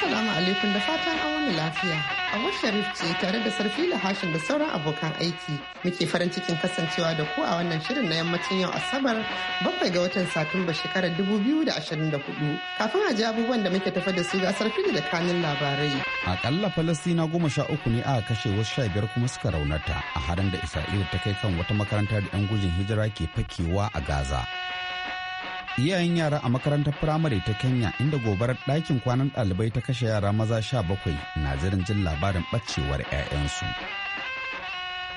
Assalamu alaikum da fatan an wani lafiya. abu Sharif ce tare da da Hashin da sauran abokan aiki. Muke farin cikin kasancewa da ku a wannan shirin na yammacin yau Asabar bakwai ga watan Satumba shekarar 2024. Kafin a ji abubuwan da muke tafa da su ga Sarfi da kanin labarai. Akalla Falastina goma sha uku ne aka kashe wasu sha biyar kuma suka raunata a haɗin da Isra'ila ta kai kan wata makaranta da 'yan gujin hijira ke fakewa a Gaza. iyayen yara a makarantar firamare ta kenya inda gobarar ɗakin kwanan ɗalibai ta kashe yara maza sha bakwai na jirin jin labarin ɓacewar 'ya'yansu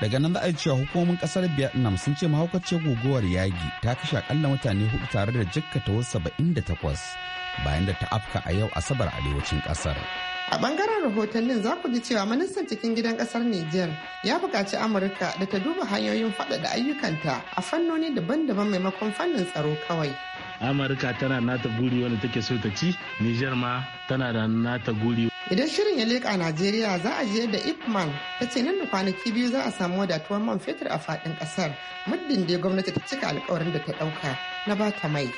daga nan za a cewa hukumomin ƙasar vietnam sun ce mahaukaciyar guguwar yagi ta kashe akalla mutane hudu tare da jikkata wasu takwas bayan da ta afka a yau asabar arewacin ƙasar. A bangaren rahotannin za ku ji cewa ministan cikin gidan kasar Nijar ya buƙaci Amurka da ta duba hanyoyin faɗaɗa ayyukanta a fannoni daban-daban maimakon fannin tsaro kawai. Amurka tana nata guri wanda take so ta ci, Nijar ma tana da nata guri idan shirin ya leƙa najeriya za a je da ipman ta ce nan da kwanaki biyu za a samu wadatuwar man fetur a faɗin ƙasar muddin ya gwamnati ta cika alkawarin da ta ɗauka na ba ta mai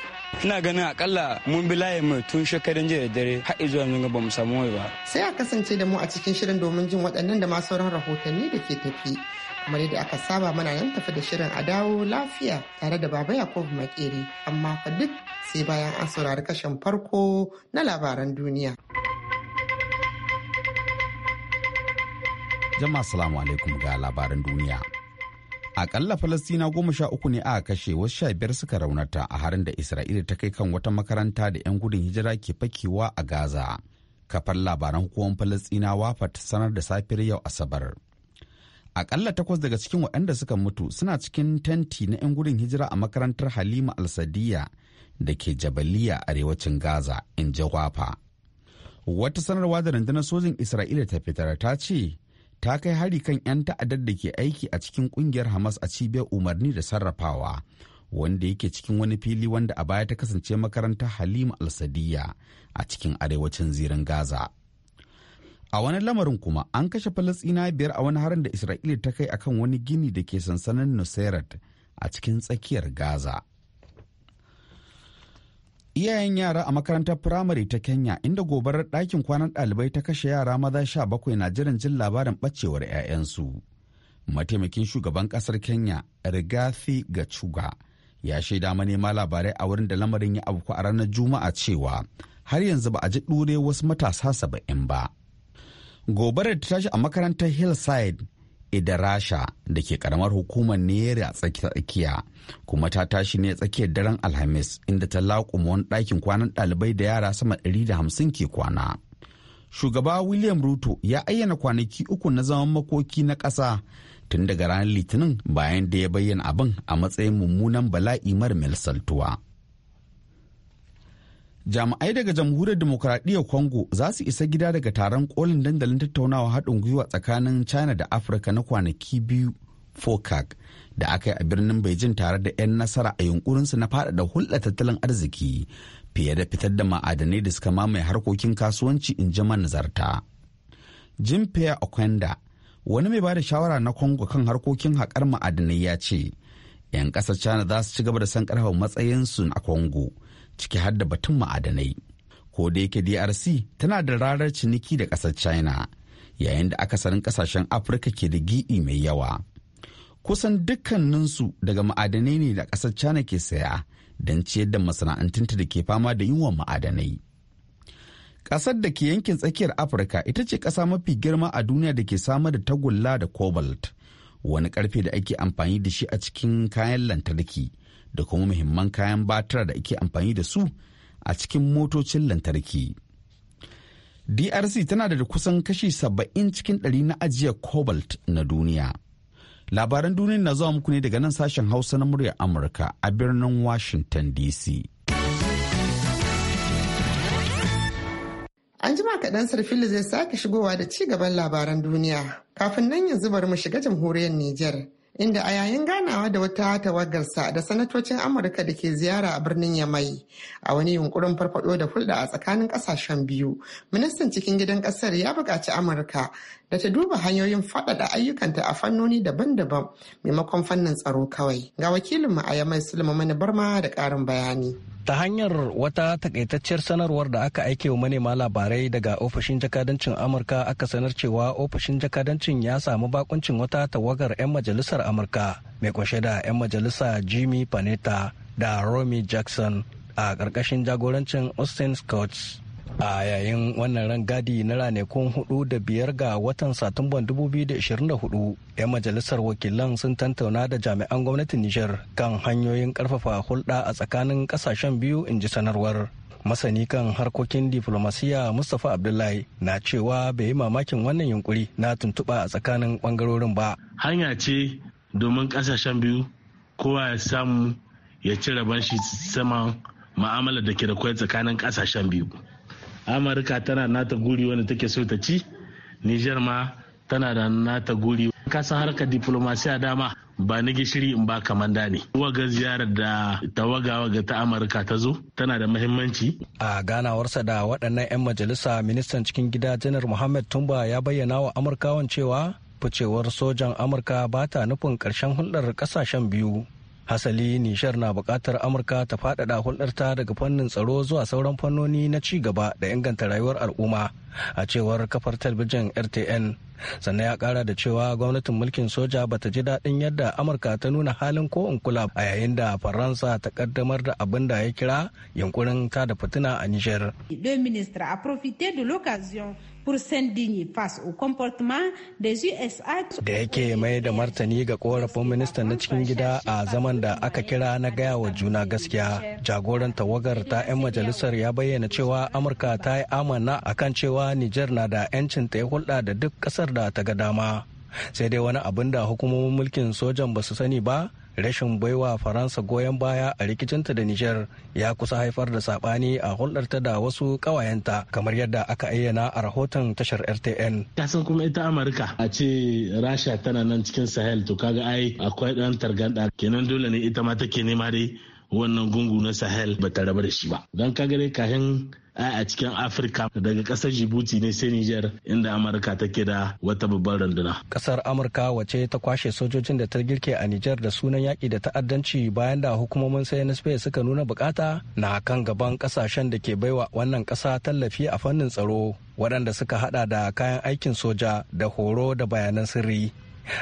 ina ganin akalla mun bi layin mai tun shekarun jiya da dare har zuwa yanzu ba mu samu wai ba sai a kasance da mu a cikin shirin domin jin waɗannan da ma sauran rahotanni da ke tafi kamar yadda aka saba mana nan tafi da shirin a dawo lafiya tare da baba yakubu makeri amma fa duk sai bayan an saurari kashin farko na labaran duniya. Jama'a salamu alaikum ga labaran duniya. Akalla Falastina goma sha uku ne aka kashe wasu sha biyar suka raunata a harin da Isra'ila ta kai kan wata makaranta da 'yan gudun hijira ke fakewa a Gaza. Kafar labaran hukumar Falastinawa ta sanar da safiyar yau Asabar. Akalla takwas daga cikin waɗanda suka mutu suna cikin tenti na 'yan gudun hijira a makarantar Halima al da ke Jabaliya arewacin Gaza, in ji Wata sanarwa da rundunar sojin Isra'ila ta fitar ta ce ta kai hari kan 'yan ta'addar da ke aiki a cikin kungiyar hamas a cibiyar umarni da sarrafawa wanda yake cikin wani fili wanda a baya ta kasance makarantar halima al a cikin arewacin zirin gaza a wani lamarin kuma an kashe falasina biyar a wani harin da isra'ila ta kai akan wani gini da ke sansanin nusairat a cikin tsakiyar gaza iyayen yara a makarantar firamare ta kenya inda gobarar ɗakin kwanan ɗalibai ta kashe yara maza sha bakwai na jiran jin labarin ɓacewar 'ya'yansu mataimakin shugaban ƙasar kenya rigathi gachuga ya shaida manema labarai a wurin da lamarin ya abu a ranar juma'a cewa har yanzu ba a ji ɗure wasu matasa saba'in ba gobarar ta tashi a makarantar hillside da rasha da ke karamar hukumar neri a tsakiya kuma ta tashi ne tsakiyar daren alhamis inda ta laƙuma wani ɗakin kwanan ɗalibai da yara sama da hamsin ke kwana shugaba william ruto ya ayyana kwanaki uku na zaman makoki na ƙasa tun daga ranar litinin bayan da ya bayyana abin a matsayin mummunan bala'i mara misaltuwa jami'ai daga jamhuriyar demokuraɗiyyar congo za su isa gida daga taron kolin dandalin tattaunawa haɗin gwiwa tsakanin china da afirka na kwanaki biyu focac da aka yi a birnin beijing tare da 'yan nasara a yunkurinsu na faɗaɗa hulɗa tattalin arziki fiye da fitar da ma'adanai da suka mamaye harkokin kasuwanci in ji manazarta jim okwenda wani mai bada shawara na congo kan harkokin haƙar ma'adanai ya ce 'yan ƙasar china za su ci gaba da san ƙarfafa matsayinsu a congo ciki har da batun ma'adanai ko da yake drc tana da rarar ciniki da ƙasar china yayin da akasarin ƙasashen afirka ke da gi'i mai yawa kusan dukkaninsu daga ma'adanai ne da ƙasar china ke saya don ciyar da masana'antunta da ke fama da yunwan ma'adanai ƙasar da ke yankin tsakiyar afirka ita ce ƙasa mafi girma a duniya da ke samar da tagulla da cobalt wani ƙarfe da ake amfani da shi a cikin kayan lantarki da kuma muhimman kayan batira da ake amfani da su a cikin motocin lantarki. DRC tana da kusan kashi saba'in cikin ɗari na ajiyar cobalt na duniya. Labaran duniya na zuwa muku ne daga nan sashen Hausa na muryar Amurka a birnin Washington DC. An jima kaɗan sarfili zai sake shigowa da ci gaban labaran duniya. Kafin nan yanzu bari mu shiga jamhuriyar Nijar. inda a yayin ganawa da wata tawagarsa da sanatocin amurka da ke ziyara a birnin yamai a wani yunkurin farfado da hulɗa a tsakanin ƙasashen biyu ministan cikin gidan ƙasar ya buƙaci amurka da ta duba hanyoyin faɗaɗa ayyukanta a fannoni daban-daban maimakon fannin tsaro kawai ga wakilin mu a yamai mani barma da ƙarin bayani ta hanyar wata takaitacciyar sanarwar da aka aike wa manema labarai daga ofishin jakadancin amurka aka sanar cewa ofishin jakadancin ya samu bakuncin wata tawagar 'yan majalisar amurka mai kunshe da 'yan majalisa jimmy panetta da romy jackson a ƙarƙashin jagorancin austin scott a yayin wannan rangadi na ranakun hudu da biyar ga watan satumban 2024 'yan majalisar wakilan sun tantauna da jami'an gwamnatin nijar kan hanyoyin karfafa hulɗa a tsakanin ƙasashen biyu in ji sanarwar masani kan harkokin diflomasiyya, mustapha abdullahi na cewa bai yi mamakin wannan yunkuri na tuntuɓa a tsakanin ɓangarorin ba hanya ce domin ƙasashen biyu kowa ya samu ya ci rabon shi saman ma'amala da ke da kwai tsakanin kasashen biyu amurka tana nata guri wanda take so ta ci nijar ma tana da nata guri kasa harka diplomasiya dama ba na gishiri in ba kamanda ne. Waga ziyarar da ta tawaga-waga ta Amurka ta zo tana da mahimmanci. A ganawarsa da waɗannan 'yan majalisa ministan cikin gida janar Muhammad Tumba ya bayyana wa Amurkawan cewa ficewar sojan Amurka ba ta nufin ƙarshen hulɗar ƙasashen biyu. hasali nishar na bukatar amurka ta faɗaɗa hulɗarta daga fannin tsaro zuwa sauran fannoni na ci gaba da inganta rayuwar al'umma a cewar kafar talbijin rtn sannan ya ƙara da cewa gwamnatin mulkin soja bata ji daɗin yadda amurka ta nuna halin ko in kula a yayin da faransa ta kaddamar da abin da ya kira yunkurin ta da fitina a nishar pour s'indigner face Da yake mai da martani ga korafin minista na cikin gida a zaman da aka kira na gaya wa juna gaskiya. Jagoran tawagar ta 'yan majalisar ya bayyana cewa Amurka ta yi amana kan cewa niger na da 'yancin ta yi hulɗa da duk ƙasar da ta ga dama. Sai dai wani abin da hukumomin mulkin sojan ba su sani ba rashin baiwa faransa goyon baya a rikicinta da nijar ya kusa haifar da sabani a hulɗarta da wasu ƙawayenta kamar yadda aka ayyana a rahoton tashar rtn kasan kuma ita amurka a ce rasha tana nan cikin sahel to kaga ai akwai ɗan targanda kenan dole ne ita ma take nema dai wannan gungu na sahel ba ta rabu da shi ba don kaga dai kahin a cikin afirka daga kasar jibuti ne sai niger inda amurka take da wata babbar runduna kasar amurka wace ta kwashe sojojin da ta girke a niger da sunan yaƙi da ta'addanci bayan da hukumomin cnsp suka nuna bukata na kan gaban kasashen da ke baiwa wannan kasa tallafi a fannin tsaro waɗanda suka hada da kayan aikin soja da horo da bayanan sirri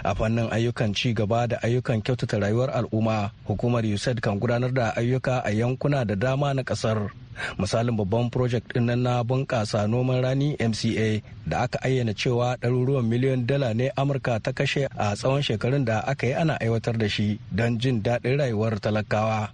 a fannin ayyukan ci gaba da ayyukan kyautata rayuwar al'umma hukumar usaid kan gudanar da ayyuka a yankuna da dama na kasar misalin babban project din nan na bunƙasa noman rani mca da aka ayyana cewa ɗaruruwan miliyan dala ne amurka ta kashe a tsawon shekarun da aka yi ana aiwatar da shi don jin daɗin rayuwar talakawa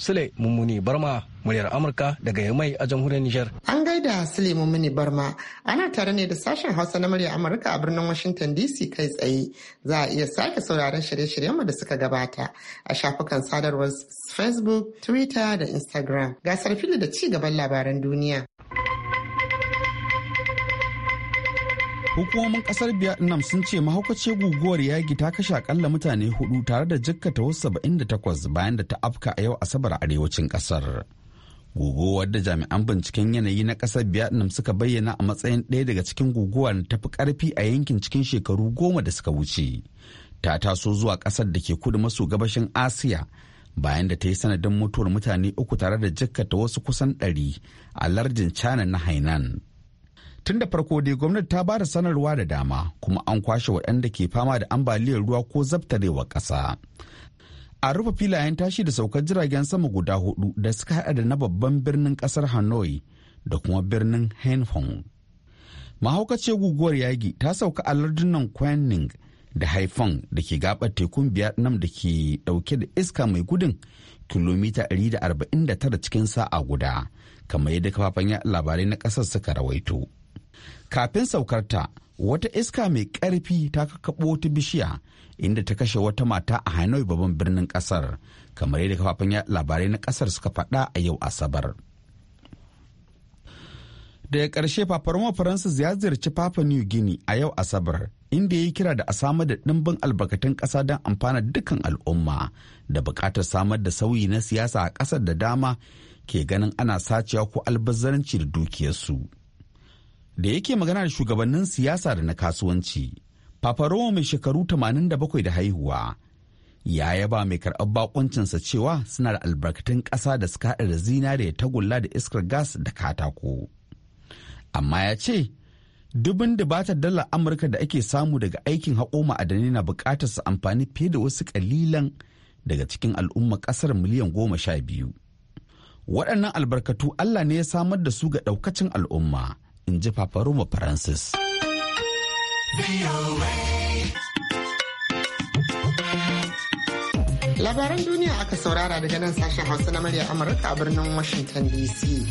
Sule Mummuni Barma muryar Amurka daga Yamai a jamhuriyar Nijar. An gaida Sule Mummuni Barma ana tare ne da sashen Hausa na muryar Amurka a birnin Washington DC kai tsaye za a iya sake sauraron shirye-shiryenmu da suka gabata a shafukan sadarwar Facebook, Twitter da Instagram. Gasar fili da ci gaban labaran duniya. hukumomin kasar vietnam sun ce mahaukacin guguwar yagi ta kashe akalla mutane hudu tare da jikkata wasu takwas bayan da ta afka a yau asabar arewacin kasar guguwar da jami'an binciken yanayi na kasar vietnam suka bayyana a matsayin ɗaya daga cikin guguwar ta tafi karfi a yankin cikin shekaru goma da suka wuce ta taso zuwa ƙasar da ke kudu maso gabashin asiya bayan da ta yi sanadin mutuwar mutane uku tare da jikkata wasu kusan ɗari a lardin china na hainan tun da farko dai gwamnati ta ba da sanarwa da dama kuma an kwashe waɗanda ke fama da ambaliyar ruwa ko zabtarewa ƙasa a rufe filayen tashi da saukar jiragen sama guda hudu da suka haɗa da na babban birnin ƙasar hanoi da kuma birnin haiphong mahaukaciyar guguwar yagi ta sauka a lardunan kwanning da haifan da ke gabar tekun biyar nan da ke dauke da iska mai gudun kilomita 149 cikin sa'a guda kamar yadda kafafen labarai na ƙasar suka rawaito kafin saukarta wata iska mai ƙarfi ta kakkaɓo wata bishiya inda ta kashe wata mata a hanoi babban birnin ƙasar kamar yadda kafafen labarai na ƙasar suka faɗa a yau asabar daga ƙarshe fafaroma faransa ya ziyarci papa new guinea a yau asabar inda ya yi kira da a samar da ɗimbin albarkatun ƙasa don amfana dukkan al'umma da buƙatar samar da sauyi na siyasa a ƙasar da dama ke ganin ana sacewa ko albazzaranci da dukiyarsu. da yake magana da shugabannin siyasa da na kasuwanci paparoma mai shekaru 87 da haihuwa ya yaba mai karɓar bakuncinsa cewa suna da albarkatun ƙasa da suka haɗa da zinare tagulla da iskar gas da katako amma ya ce dubin dubatar dalar amurka da ake samu daga aikin haƙo ma'adanai na buƙatar su amfani fiye da wasu ƙalilan daga cikin al'umma ƙasar miliyan goma sha biyu waɗannan albarkatu allah ne ya samar da su ga ɗaukacin al'umma in ji Paparoma Francis. Labaran duniya aka saurara daga nan sashen Hausa na murya Amurka a birnin Washington DC.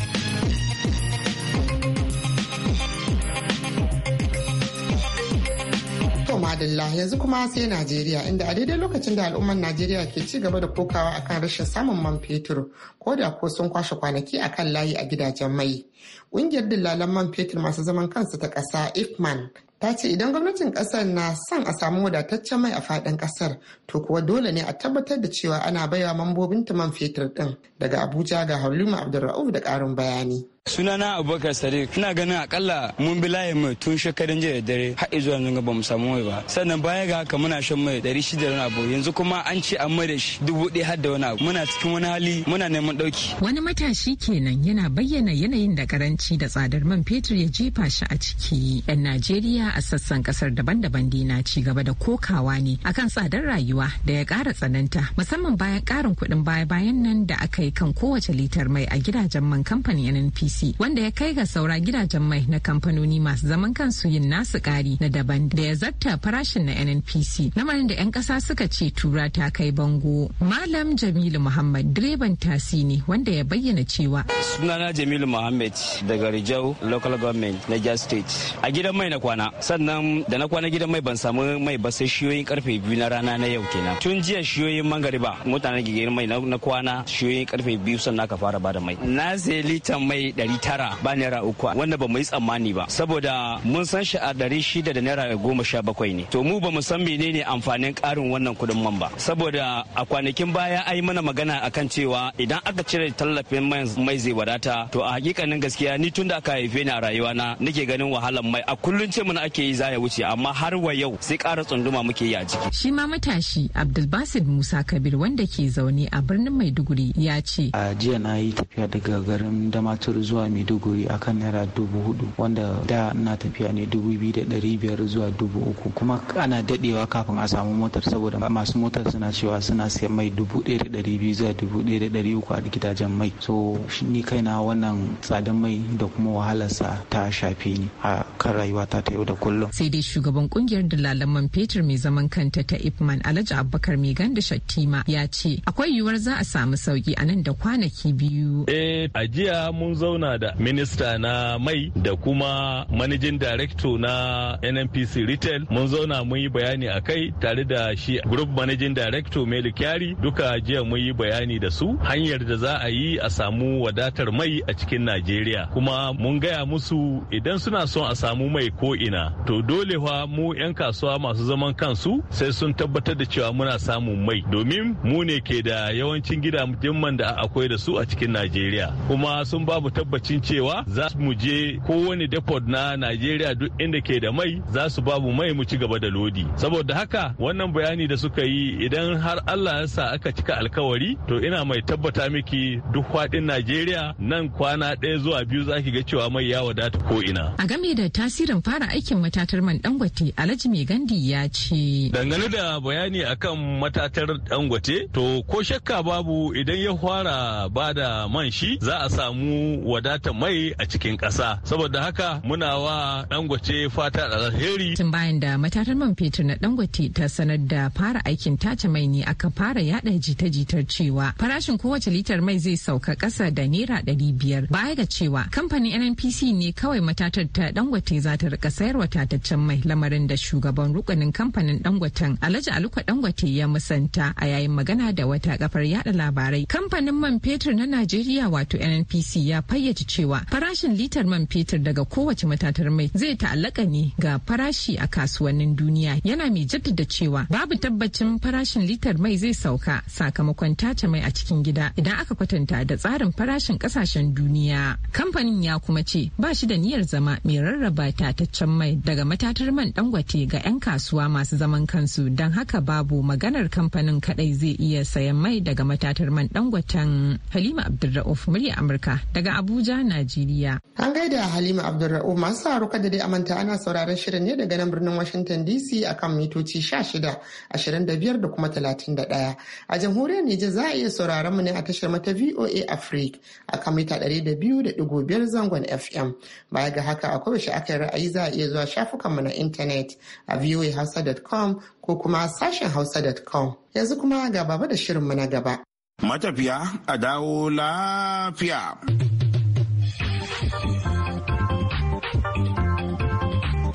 madalla yanzu kuma sai Najeriya inda a daidai lokacin da al'ummar Najeriya ke ci gaba da kokawa akan rashin samun man fetur ko da ko sun kwashe kwanaki akan layi a gidajen mai. Ƙungiyar dillalan man fetur masu zaman kansu ta ƙasa IFMAN ta ce idan gwamnatin ƙasar na son a samu wadataccen mai a faɗin ƙasar to kuwa dole ne a tabbatar da cewa ana baiwa mambobin man fetur ɗin daga Abuja ga Halima Abdulra'uf da ƙarin bayani. sunana abubakar sadiq ina ganin akalla mun bi layin mai tun shekarun jiya da dare har izuwa yanzu ga bamu samu mai ba sannan baya ga haka muna shan mai ɗari shida na abu yanzu kuma an ce an mai da shi dubu ɗaya har da wani abu muna cikin wani hali muna neman ɗauki. wani matashi kenan yana bayyana yanayin da karanci da tsadar man fetur ya jefa shi a ciki yan najeriya a sassan kasar daban-daban dina ci gaba da kokawa ne akan tsadar rayuwa da ya kara tsananta musamman bayan karin kuɗin baya-bayan nan da aka yi kan kowace litar mai a gidajen man kamfanin nnpc NDC wanda ya kai ga saura gidajen mai na kamfanoni masu zaman kansu yin nasu kari na daban da ya zatta farashin na NNPC manin da 'yan kasa suka ce tura ta kai bango. Malam Jamilu Muhammad direban tasi ne wanda ya bayyana cewa. Sunana Jamilu Muhammad daga Rijau Local Government Niger State. A gidan mai na kwana sannan da na kwana gidan mai ban samu mai ba sai shiyoyin karfe biyu na rana na yau kenan. Tun jiya shiyoyin mangariba mutanen gigirin mai na kwana shiyoyin karfe biyu sannan aka fara bada mai. Na sai litan mai dari tara ba naira uku wanda ba mu yi tsammani ba saboda mun san shi a ɗari shida da naira goma sha bakwai ne to mu ba mu san menene amfanin karin wannan kudin man ba saboda a kwanakin baya a yi mana magana akan cewa idan aka cire tallafin mai zai wadata to a hakikanin gaskiya ni tun da aka haife ni a rayuwa na nake ganin wahalar mai a kullun ce mana ake yi za ya wuce amma har wa yau sai kara tsunduma muke yi a ciki. shi ma matashi abdulbasid musa kabir wanda ke zaune a birnin maiduguri ya ce. a jiya na yi tafiya daga garin damaturu zuwa maiduguri akan naira dubu hudu wanda da na tafiya ne dubu biyu da dari biyar zuwa dubu uku kuma ana dadewa kafin a samu motar saboda masu motar suna cewa suna siyan mai dubu daya da dari biyu zuwa dubu daya da dari uku a gidajen mai so ni kaina wannan tsadan mai da kuma wahalarsa ta shafi ni a kan rayuwata ta yau da kullum. sai dai shugaban kungiyar dalalan man fetur mai zaman kanta ta ipman alhaji abubakar mai ganda shattima ya ce akwai yiwuwar za a samu sauki a nan da kwanaki biyu. eh a jiya mun zauna zauna da minista na mai da kuma manajin director na nnpc retail mun zauna mun yi bayani a kai tare da shi group managing director melu kyari duka jiya mun yi bayani da su hanyar da za a yi a samu wadatar mai a cikin najeriya kuma mun gaya musu idan suna son a samu mai ko ina to dole fa mu 'yan kasuwa masu zaman kansu sai sun tabbatar da cewa muna samun mai domin mu ne ke da yawancin gida man da akwai da su a cikin najeriya kuma sun babu tabbatar tabbacin cewa za mu je kowane depot na Najeriya duk inda ke da mai za su ba mu mai mu ci gaba da lodi. Saboda haka wannan bayani da suka yi idan har Allah ya sa aka cika alkawari to ina mai tabbata miki duk faɗin Najeriya nan kwana ɗaya zuwa biyu zaki ga cewa mai ya wadata ko ina. A game da tasirin fara aikin matatar man Dangote Alhaji Mai Gandi ya ce. Dangane da bayani akan matatar Dangote to ko shakka babu idan ya fara ba da man shi za a samu wadatar mai a cikin ƙasa saboda haka muna wa dangote fata da alheri tun bayan da matatar man fetur na dangote ta sanar da fara aikin tace mai ne aka fara yada jita-jitar cewa farashin kowace litar mai zai sauka ƙasa da naira ɗari biyar baya ga cewa kamfanin nnpc ne kawai matatar ta dangote za ta rika sayarwa tataccen mai lamarin da shugaban rukunin kamfanin dangoten alhaji aluka dangote ya musanta a yayin magana da wata kafar yada labarai kamfanin man fetur na najeriya wato nnpc ya fayyana fayyace cewa farashin litar man fetur daga kowace matatar mai zai ta'allaka ne ga farashi a kasuwannin duniya yana mai jaddada cewa babu tabbacin farashin litar mai zai sauka sakamakon tace mai a cikin gida idan aka kwatanta da tsarin farashin kasashen duniya kamfanin ya kuma ce ba shi da niyyar zama mai rarraba tataccen mai daga matatar man dangwate ga 'yan kasuwa masu zaman kansu don haka babu maganar kamfanin kadai zai iya sayan mai daga matatar man dangwatan halima abdulra'uf murya amurka daga abuja Abuja, Najeriya. An gaida Halima Abdulra'u masu haruka da dai amanta ana sauraron shirin ne daga nan birnin Washington DC a kan mitoci 16, 25 da kuma 31. A jamhuriyar Nijar za a iya sauraron mu ne a tashar mata VOA Africa kan mita 200.5 zangon FM. Baya ga haka akwai shi aka yi ra'ayi za a iya zuwa shafukan mu na intanet a voahausa.com ko kuma sashen hausa.com. Yanzu kuma ga baba da shirin mu na gaba. Matafiya a dawo lafiya.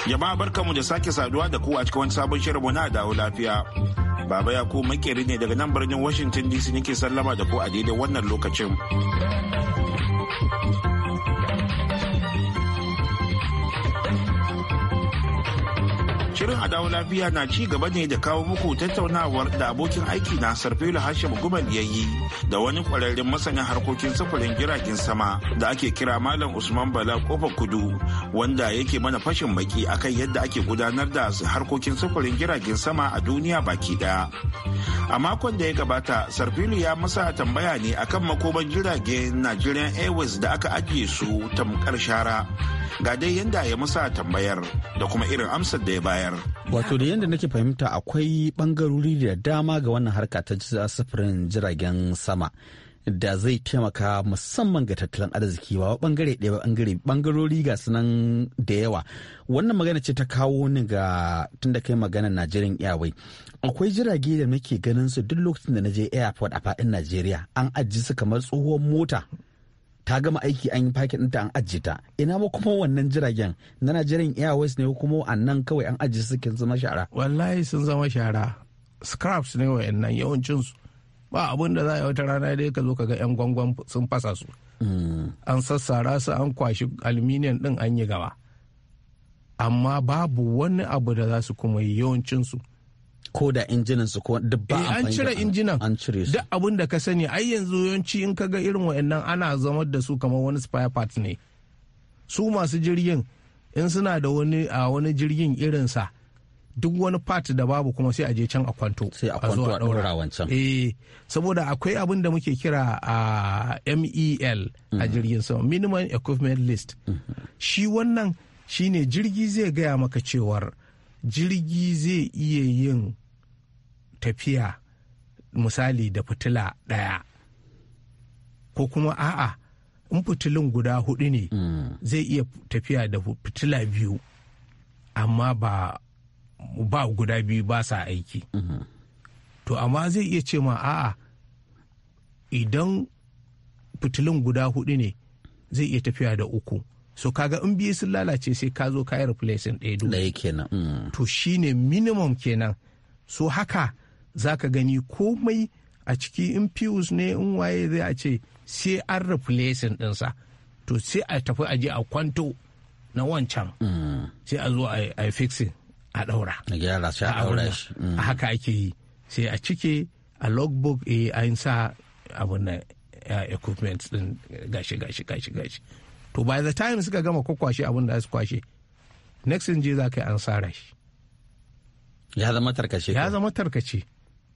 Jama'a mu da sake saduwa da ku a cikin wani sabon shirin mu na dawo lafiya. Baba Yakubu makeri ne daga nan birnin Washington DC nake sallama da ku a daidai wannan lokacin. dawo lafiya na ci gaba ne da kawo muku tattaunawar da abokin aiki na sarfila hashim gumal ya yi da wani kwararren masanin harkokin sufurin jiragen sama da ake kira malam usman bala kofar kudu wanda yake mana fashin baki akan yadda ake gudanar da harkokin sufurin jiragen sama a duniya baki daya a makon da ya gabata sarfilu ya masa tambaya ne akan makoman jiragen nigerian airways da aka ajiye su tamkar shara ga dai yadda ya musa tambayar da kuma irin amsar da ya bayar wato da yadda nake fahimta akwai bangarori da dama ga wannan harka ta sufurin jiragen sama da zai taimaka musamman ga tattalin arziki ba bangare ɗaya bangare bangarori ga sunan da yawa wannan magana ce ta kawo ni ga tunda kai magana Najeriyan Airway akwai jirage da muke ganin su duk lokacin da na je airport a faɗin Najeriya an ajiye su kamar tsohuwar mota ta gama aiki an yi paket ɗinta an ajiye ta ina ma kuma wannan jiragen na Nigerian Airways ne kuma nan kawai an ajiye suke zama shara wallahi sun zama shara scraps ne wayannan yawancin su ba abun da za a yi wata rana dai ka zo ka ga yan gwangwan sun fasa su hmm. an sassara su an kwashi aluminium din an yi gaba amma babu wani abu da za su kuma yi yawancin su ko da injinan su ko duk ba eh, an cire injinan an cire su duk abin da ka sani ai yanzu yawanci in kaga irin wayannan ana zama da su kamar wani spare part ne su masu jirgin in suna da wani a wani jirgin irin sa duk wani part da babu kuma sai a je can a kwanto sai a kwanto a daura wancan eh saboda akwai abin da muke kira a MEL a mm-hmm. jirgin sama minimum equipment list mm-hmm. shi wannan shine jirgi zai gaya maka cewar jirgi zai iya yin tafiya misali da fitila ɗaya ko kuma a'a in fitilun guda hudu ne zai iya tafiya da fitila biyu amma ba ba guda biyu ba sa aiki to amma zai iya ce ma a'a idan fitilun guda hudu ne zai iya tafiya da uku so kaga in biyu sun lalace sai ka zo ka yi replacing ɗaya dole mm. to shine minimum kenan so haka za ka gani komai a ciki in pews ne in waye zai a ce sai an replacing ɗinsa to sai a tafi a je a kwanto na wancan sai a zo a fixing a ɗaura a mm. haka ake yi sai a cike a logbook a eh, an sa abu na eh, equipment din gashi gashi gashi gashi to by the time suka gama kwakwashe abin da su kwashe next in je za ka yi an sara shi ya zama tarkace ya zama tarkace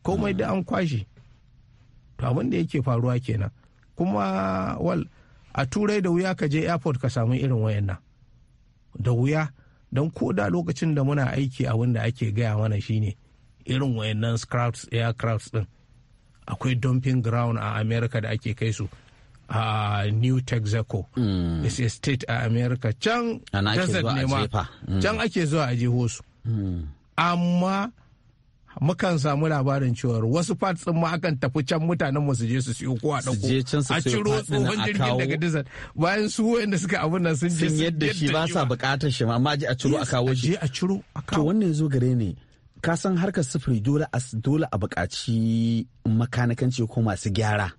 komai da an kwashe to abin da yake faruwa kenan kuma wal a turai da wuya ka je airport ka samu irin wayannan da wuya don ko da lokacin da muna aiki abin da ake gaya mana shine irin wayannan scraps aircrafts din akwai dumping ground a america da ake kai su a uh, new texaco mm. this is state a america can desert ne ma hmm. can ake zuwa a jihosu hmm. amma mukan samu labarin cewar wasu parts din ma akan tafi can mutanen mu su je su siyo ko a dauko a ciro tsohon jirgin daga dizan bayan su wanda suka abun nan sun je sun yadda shi ba sa bukatar shi amma je a ciro a kawo shi a ciro a kawo to wannan yazo gare ne ka san harkar sufuri dole a dole a bukaci makanikanci ko masu gyara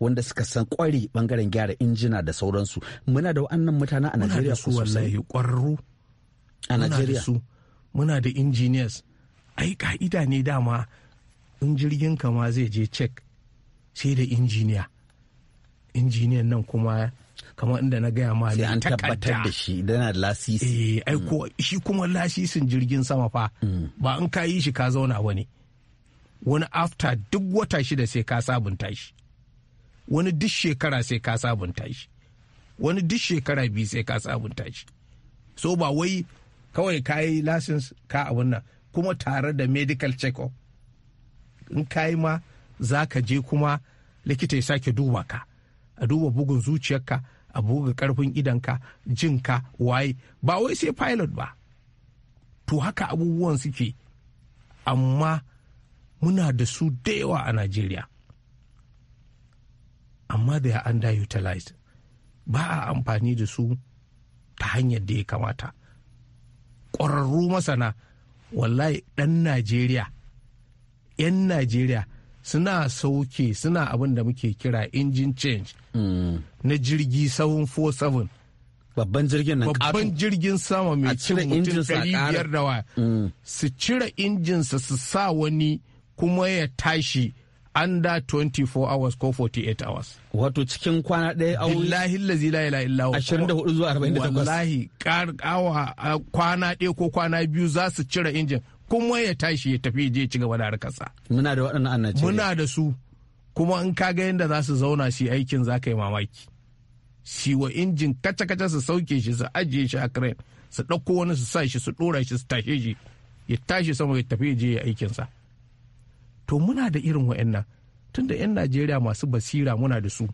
wanda suka san kwari bangaren gyara injina da sauransu muna da wa'annan mutanen a Najeriya sosai muna da su wallahi kwarru a Najeriya muna da engineers ai ka'ida ne dama in jirgin kama zai je cek sai da injiniya injiniyan nan kuma kamar inda na gaya ma ne an tabbatar da shi yana da lasisi eh ai mm. ko shi kuma lasisin jirgin sama fa mm. ba in ka yi shi ka zauna wani wani after duk wata shida sai ka sabunta shi wani duk shekara sai ka sabunta shi wani duk shekara biyu sai ka sabunta shi so ba wai kawai ka yi lasins ka abin nan kuma tare da medical check-up in kayi ma za ka je kuma likita ya sake duba ka a duba bugun zuciyarka a buga karfin idanka jinka waye ba wai sai pilot ba to haka abubuwan suke amma muna da su da yawa a najeriya amma da ya underutilized ba a amfani da su ta hanyar da ya kamata ƙwararru masana wallahi ɗan najeriya 'yan najeriya suna sauke suna abin da muke kira engine change hmm. na jirgi sahun 47 babban jirgin nan babban jirgin sama mai cire mutum ɗari biyar da waya hmm. su cire injinsa su sa wani kuma ya tashi under 24 hours ko 48 hours. Wato cikin kwana ɗaya awoyi? Billahi lazi la ila illa 24 zuwa 48. Wallahi awa kwana ɗaya ko kwana biyu za su cire injin kuma ya tashi ya tafi je ci gaba da harkarsa. Muna da waɗannan annace Najeriya. Muna da su kuma in ka ga yadda za su zauna shi aikin za ka yi mamaki. Shi wa injin kaca-kaca su sauke shi su ajiye shi a crane su ɗauko wani su sa shi su ɗora shi su tashe shi ya tashi sama ya tafi je ya aikinsa. to muna da irin wa'annan tunda 'yan najeriya masu basira muna da su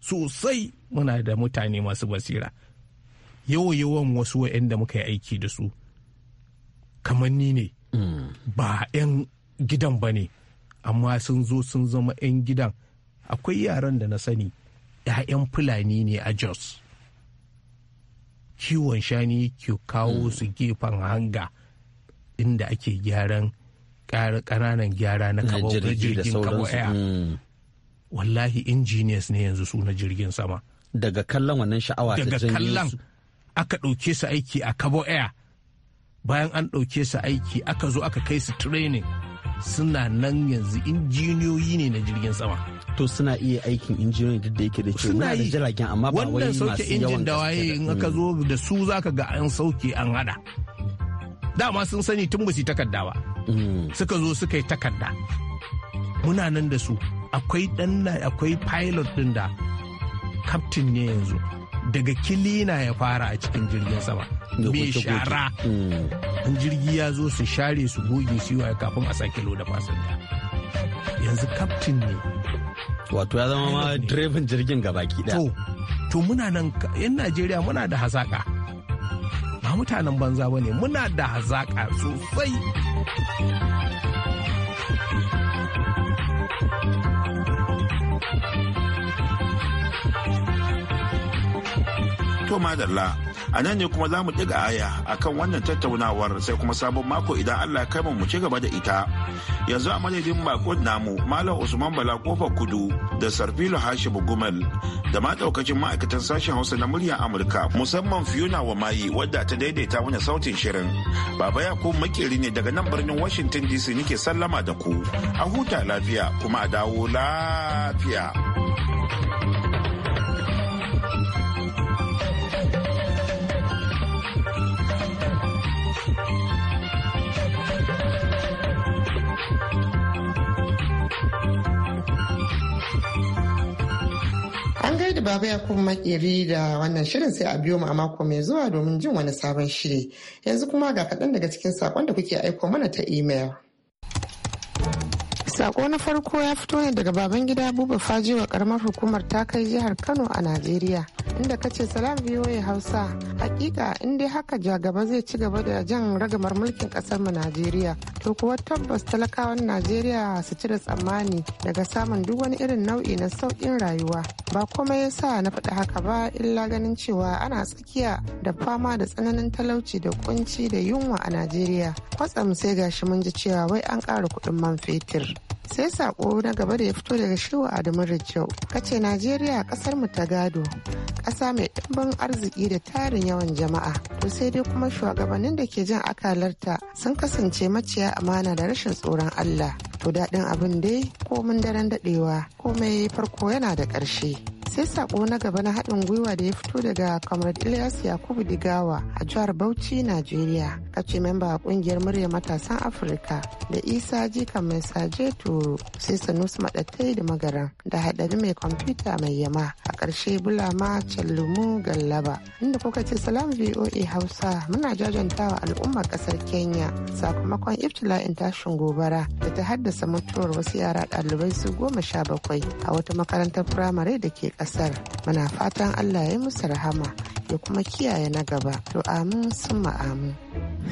sosai muna da mutane masu basira yawa yawan wasu da muka yi aiki da su kamar ni ne mm. ba 'yan gidan ba ne amma sun zo sun zama 'yan gidan akwai yaran da na sani 'ya'yan fulani ne a jos kiwon shani ke kawo su mm. gefen hanga inda ake gyaran ƙananan gyara na kabo jirgin kabo air mm. wallahi engineers ne yanzu su na jirgin sama daga kallon wannan sha'awa daga kallon aka ɗauke su aiki a kabo air bayan an ɗauke su aiki aka zo aka kai su training suna nan yanzu injiniyoyi ne na jirgin sama to suna iya aikin injiniyoyi duk da yake da cewa muna da jiragen amma ba wai masu yawan sauke injin da waye in aka mm. zo da su zaka ga an sauke an hada dama sun sani tun ba su takarda ba suka zo suka yi takarda muna nan da su akwai danna akwai pilot din da kaftin ne yanzu daga kilina ya fara a cikin jirgin sama mai shara An mm. jirgi ya zo su share su goge su yi kafin a sake da fasinja yanzu kaftin ne wato ya zama ma direban jirgin gabaki daya to muna nan yan najeriya muna da hasaka mutanen banza ba ne muna da hazaƙa sosai To madalla, a nan ne kuma za mu ɗiga aya akan wannan tattaunawar sai kuma sabon mako idan Allah kai mu ci gaba da ita. Yanzu a madadin bakon namu Malam Usman Bala Kofar Kudu da Sarfilo Hashimu bugumal da ma daukacin ma'aikatan sashen Hausa na muryar Amurka musamman Fiona wa Mayi wadda ta daidaita wani sautin shirin. Baba Yakub makeri ne daga nan birnin Washington DC nake sallama da ku. A huta lafiya kuma a dawo lafiya. baba ya kuma maƙeri da wannan shirin sai a biyo mu a mako mai zuwa domin jin wani sabon shiri. Yanzu kuma ga kaɗan daga cikin saƙon da kuke aiko mana ta imel. Sako na farko ya fito ne daga baban gida buba fajiwa karamar hukumar ta kai jihar Kano a Najeriya. Inda ka ce salam ya Hausa. Hakika inda haka jagaba zai ci gaba da jan ragamar mulkin kasar mu Najeriya. to kuwa tabbas talakawan najeriya su cire tsammani daga samun duk wani irin nau'i na sauƙin rayuwa ba komai yasa na faɗi haka ba illa ganin cewa ana tsakiya da fama da tsananin talauci da kunci da yunwa a najeriya kwatsam sai gashi mun ji cewa wai an ƙara kuɗin man fetur sai saƙo na gaba da ya fito daga shiwa adamu Ka kace najeriya ƙasar mu ta gado ƙasa mai ɗimbin arziki da tarin yawan jama'a to sai dai kuma shugabannin da ke jan akalarta sun kasance maciya gaskiya amana da rashin tsoron Allah to daɗin abin dai komin daren daɗewa komai farko yana da ƙarshe sai sako na gaba na haɗin gwiwa da ya fito daga kamar ilyas yakubu digawa a jihar bauchi najeriya kace memba a kungiyar murya matasan afirka da isa jika mai saje toro sai sanusi maɗattai da magaran da haɗari mai kwamfuta mai yama a ƙarshe bulama callumu gallaba inda kuka ce salam voa hausa muna jajantawa al'ummar ƙasar kenya sakamakon iftila'in tashin gobara da ta haddasa mutuwar wasu yara ɗalibai su goma sha bakwai a wata makarantar firamare da ke kasar muna fatan allah ya musu rahama da kuma kiyaye na gaba to amin sun amin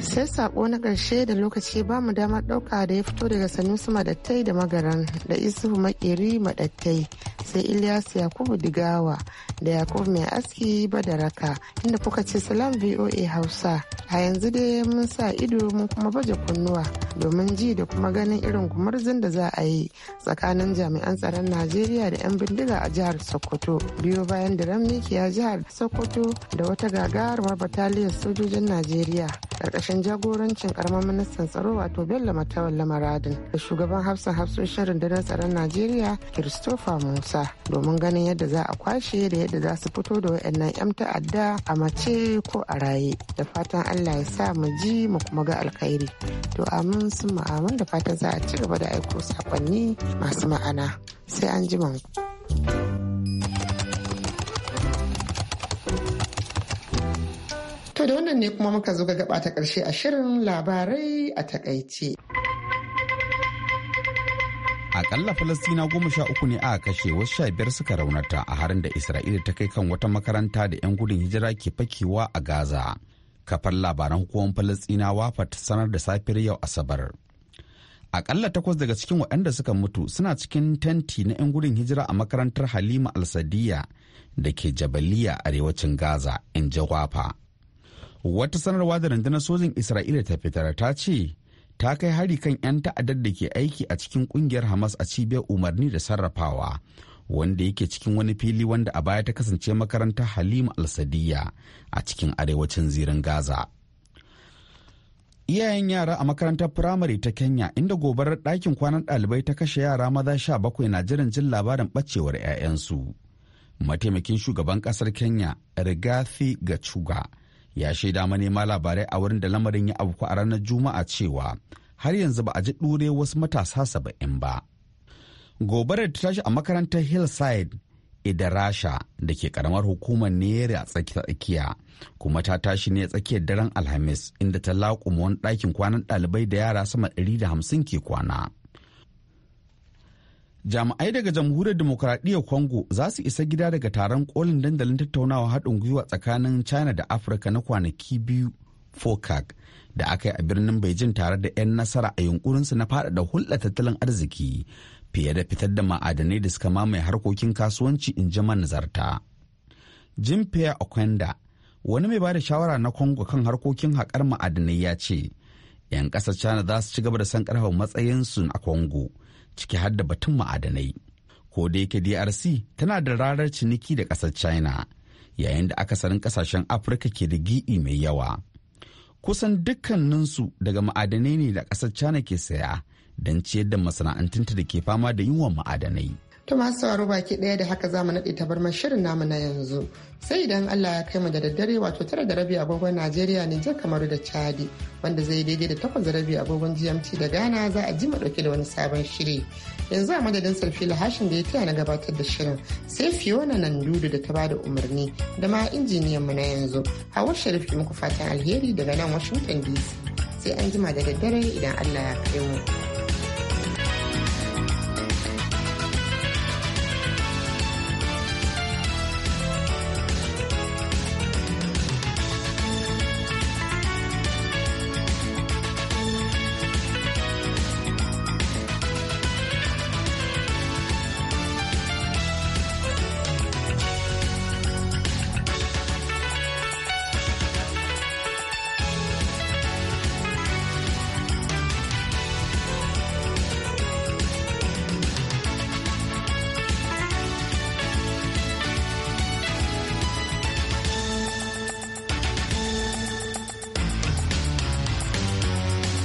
sai sako na ƙarshe da lokaci ba mu damar ɗauka da ya fito daga sanusi madattai da magaran da isuhu makeri madattai sai ilyas yakubu digawa da yakubu mai aski badaraka inda kuka ce salam voa hausa a yanzu dai mun sa ido mun kuma baje kunnuwa domin ji da kuma ganin irin gumarzin da za a yi tsakanin jami'an tsaron najeriya da 'yan bindiga a jihar sokoto biyo bayan da mikiya jihar sokoto da wata gagarumar bataliyar sojojin najeriya ƙarƙashin jagorancin karamar ministan tsaro wato bello matawalla maradin da shugaban hafsan hafsoshin rundunar tsaron najeriya christopher musa domin ganin yadda za a kwashe da yadda za su fito da wayannan yan ta'adda a mace ko a raye da fatan allah ya sa mu ji mu kuma ga alkhairi to amin sun ma'amin da fatan za a ci gaba da aiko sakonni masu ma'ana sai an ji mu. da wannan ne kuma muka zo ga gaba ta ƙarshe a shirin labarai a takaice. Akalla Falastina goma sha uku ne aka kashe wasu sha biyar suka raunata a harin da Isra'ila ta kai kan wata makaranta da 'yan gudun hijira ke fakewa a Gaza. Kafar labaran hukumar wafa ta sanar da safiyar yau Asabar. akalla takwas daga cikin waɗanda suka mutu suna cikin tenti na 'yan gudun hijira a makarantar halima al-sadiya da ke jabaliya arewacin gaza in jawafa wata sanarwa da rundunar sojin isra'ila ta fitar ta ce ta kai hari kan 'yan ta'addar da ke aiki a cikin kungiyar hamas a cibiyar umarni da sarrafawa wanda yake cikin wani fili wanda a baya ta kasance makarantar halima al a cikin arewacin zirin gaza iyayen yara a makarantar firamare ta kenya inda gobarar ɗakin kwanan ɗalibai ta kashe yara maza sha bakwai na jiran jin labarin ɓacewar 'ya'yansu mataimakin shugaban ƙasar kenya rigathi gachuga ya shaida manema labarai a wurin da lamarin ya abu a ranar juma'a cewa har yanzu ba a ji ɗure wasu matasa saba'in ba gobarar ta tashi a makarantar hillside idarasha da ke karamar hukumar nere a tsakiya kuma ta tashi ne tsakiyar daren alhamis inda ta laƙuma wani ɗakin kwanan ɗalibai da yara sama 150 ke kwana jami'ai daga jamhuriyar demokuraɗiyyar congo za su isa gida daga taron kolin dandalin tattaunawa haɗin gwiwa tsakanin china da afirka na kwanaki biyu focac da aka yi a birnin beijing tare da 'yan nasara a yunkurinsu na faɗaɗa hulɗa tattalin arziki fiye da fitar da ma'adanai da suka mamaye harkokin kasuwanci in ji manazarta jim pierre okwenda wani mai bada shawara na congo kan harkokin haƙar ma'adanai ya ce 'yan ƙasar china za su ci gaba da san matsayin matsayinsu a congo ciki har da batun ma'adanai ko da yake drc tana da rarar ciniki da ƙasar china yayin da akasarin ƙasashen afirka ke da gi'i mai yawa kusan dukkaninsu daga ma'adanai ne da ƙasar china ke saya don ciyar da masana'antunta da ke fama da yunwan ma'adanai To masu sauraro baki ɗaya da haka za mu ta bar shirin namu na yanzu. Sai idan Allah ya kai mu da daddare wato tara da rabi agogon Najeriya ne jar kamar da Chadi wanda zai daidai da takwas da rabi agogon GMT da Ghana za a ji mu ɗauke da wani sabon shiri. Yanzu a madadin Sarfila Hashin da ya taya na gabatar da shirin sai Fiona Nandudu da ta bada umarni da ma injiniyan mu na yanzu. Hawa sharifi muku fatan alheri daga nan Washington DC. Sai an jima da daddare idan Allah ya kai mu.